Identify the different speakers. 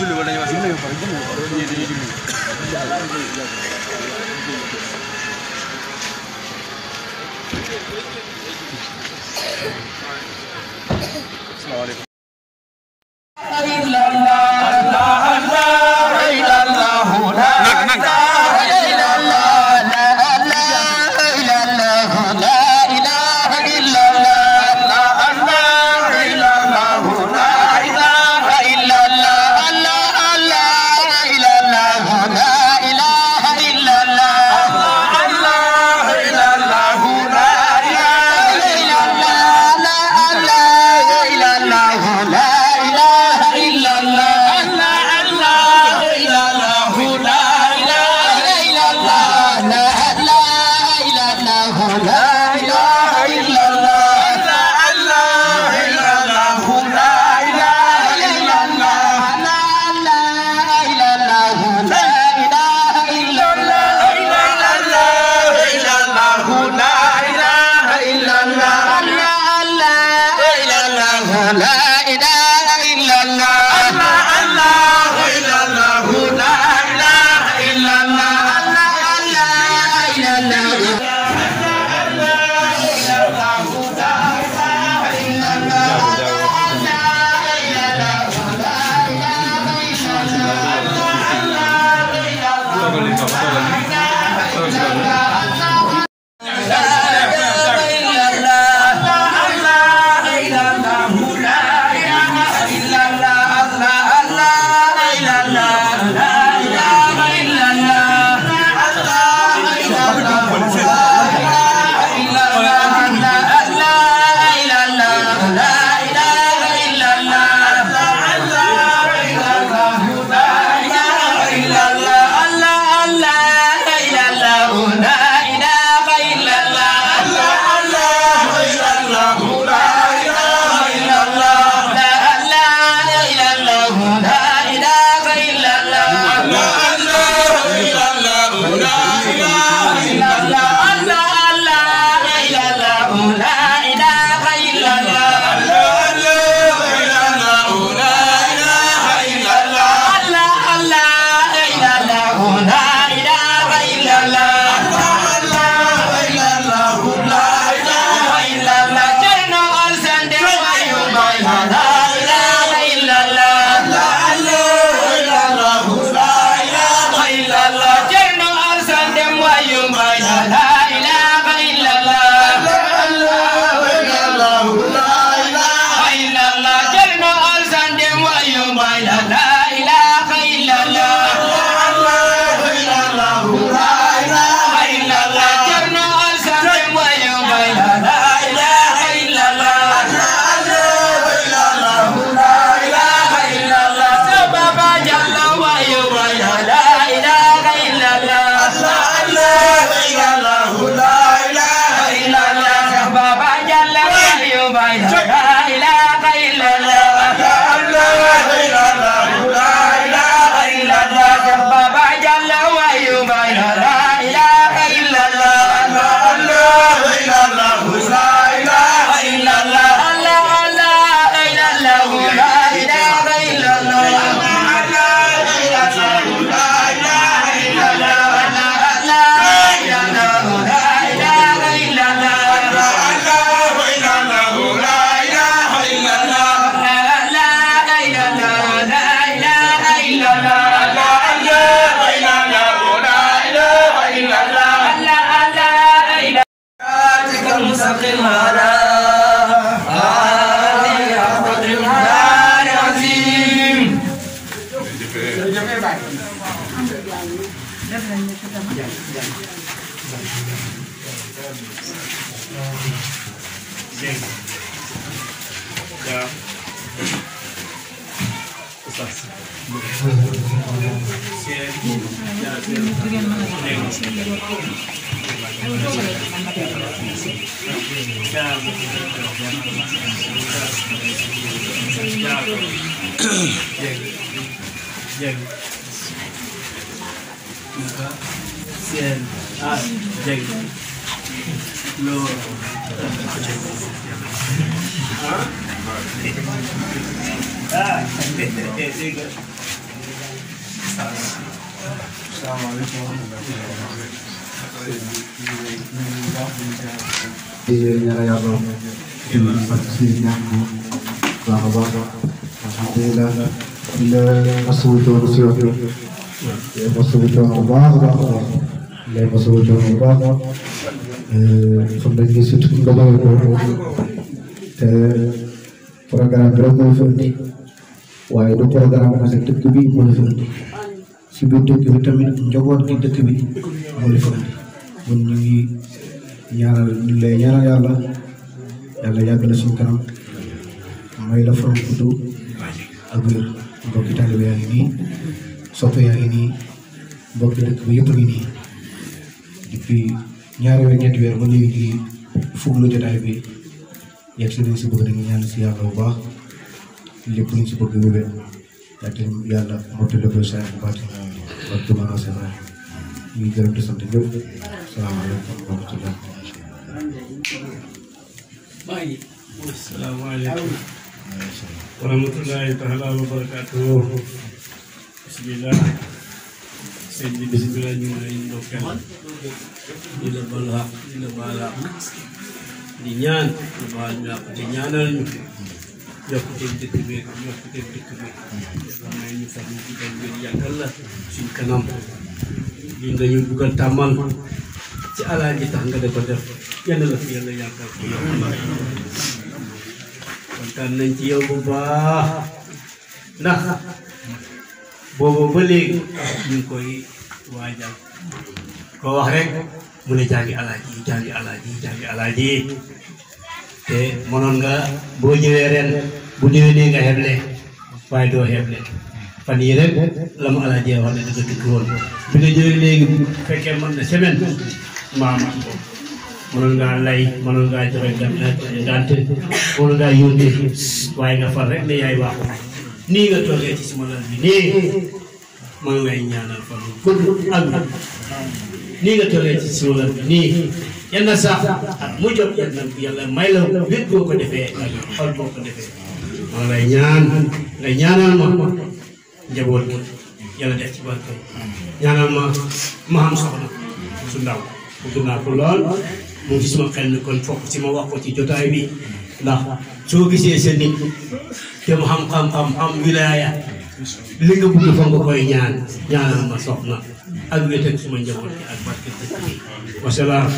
Speaker 1: julli wala ñu wax julli ba julli ñi dañuy julli asalaamaaleykum bay la ilaha illallah Yang, ciel. Ah, Jack. L'eau. Hein? Ah, c'est good. السلام عليكم ورحمة الله وبركاته. ላይ በሰዎች መግባት ከበዚህ ሱት ገባ ፕሮግራም ብረ ሞፈኒ waaye du programme parce que dëkk bi moo la fa indi si biir dëkk bi tamit njaboot gi dëkk bi moo la fa indi kon ñu le, ñaanal ñu lay ñaanal yàlla yàlla yàgg la suñu kanam may la fan gudd ak wér mbokki taalibe yaa ngi depuis di weer ñetti weer ba léegi fuglu jotaay bi yegg si si bëgg dañu ñaan si yàlla bu baax lépp si bëgg wéwét yàlla yàlla mottali ko saa bu baax ak tuma na sa ñu gërëm di sant ñëpp salaamaaleykum wa warahmatullahi bàyyi salaamaaleykum wa rahmatullahi taala Pwede bismillah nyo na yung local. Nila bala, nila nabahal na ako. Dinyanan nyo. Yakutin titibik, yakutin titibik. Ramai nyo sa hindi kayo ganyan. Allah, singkanam. Linda yung bukan taman. Si Allah kita hangga daripada. Yan Allah, yan Allah, yan Allah. Pagkanan siya bubah. Nah,
Speaker 2: boobu ba léegi
Speaker 1: ñu ngi koy waajal koo wax rek mu ne jàngi alaaji jàngi alaaji te mënoon nga boo ñëwee ren bu déwénee nga xeble waaye doo xeble fan yii rek la mu alaaji wax ne dafa tukki woon bi nga ñëwee léegi bu fekkee mën na semaine maama ko ngaa lay mënoon ngaa joxe gàncax gàncax mënoon ngaa yónnee waaye nga far rek ne yaay waaxu. Nih nga toogee ci sama lal bi nii maa ngi lay ñaanal fan wu gudd ak nii nga toogee ci sama lal bi nii yal na sax ak mu jot yàlla yàlla may la wét boo ko xol boo ko defee lay ñaan nga ñaanal ma njaboot gi def ci barke ñaanal ma ma am su ndaw ko mu ngi suma xel ni kon fokk si ma wax ko ci jotaay bi ndax soo gisee sa nit te mu xam xam-xam am wilaaya li nga bëgg fa nga koy ñaan ñaanal ma soxna ak wéet ak suma njaboot ci ak barke dëkk bi wasalaam